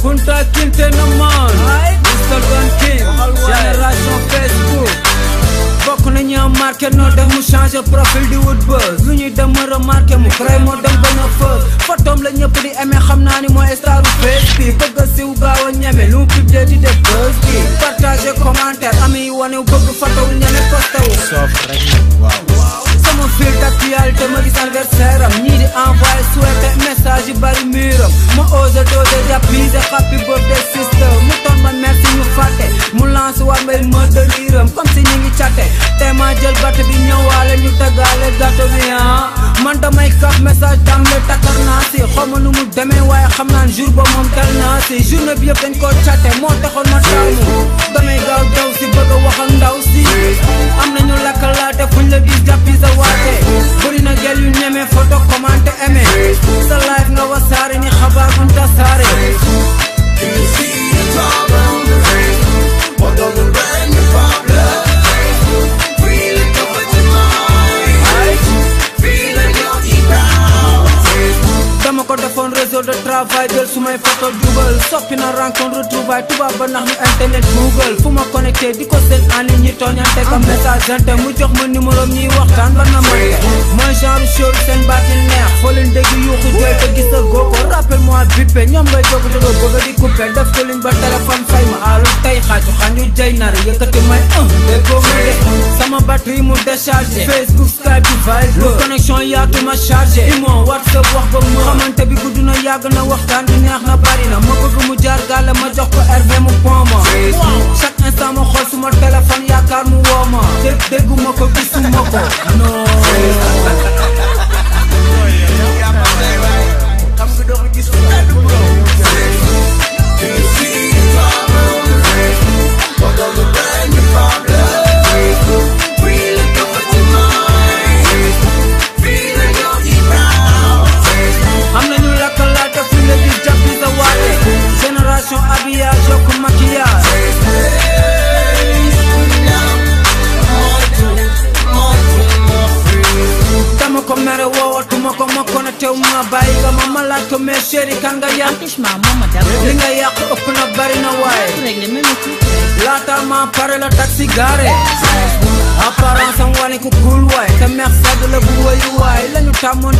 Kunta Kinte Naman Mr Gun King génération Facebook bokk na ñu am marqué noo def mu changé profil di wut lu ñuy dem ma remarqué mu crée moo dem ba nga fës la ñëpp di aimé xam naa ni mooy staru bëgg a siw gaaw a ñeme lu mu publié di def buzz bi partagé commentaire am yi wane bëgg photowu ñeme posté wu soof rek waaw sama fil d'actualité ma anniversaire am ñii di envoyé souhaité message bari la bise happy birthday sister mu toon ma merci ñu fàtte mu lance war may murder iram comme si ñu ngi càtte te ma jël batt bi ñëwaale ñu taggaale gàtto bi ah man damay kaf message dam le takkal naa si xaw ma nu mu demee waaye xam naan jour ba moom tel naa si journée bi yëpp dañ moo taxoon ma taamu damay gaaw daw si bëgg a wax ak ndaw si am nañu lakkalaate fuñ la gis jàppi sa waate na gel yu ñemee photo commenté aimé réseau de travail jël sumay photo jubal soppi na rencontre retrouvaille tubaab ba nax ñu internet google fu ma connecté di ko seen en ligne ñi tooñante ka message ante mu jox ma numéro ñuy waxtaan ba na mooy genre show seen baat yi neex foo leen yuuxu jooy te gis a rappel moi bippe ñoom ngay jokk jogo bëgg di coupé def ko ba téléphone fay ma aalu tey xaaju xanju jay nar yëkkati may un déggoo ma sama batterie mu déchargé Facebook Skype bi ma chargé imo whatsapp wax ba mu xamante bi gudd na yàgg na waxtaan bi neex na bari na ma bëgg mu jaar gàll ma jox ko rv mu poma chaque instant ma xool suma téléphone yaakaar mu woo ma dégg ma ko uma bayiga mamala to me sheri kanga ya linga ya ko opna bari na way lata ma pare la taxi gare apparence wani ku way mer sa la bu lañu tamon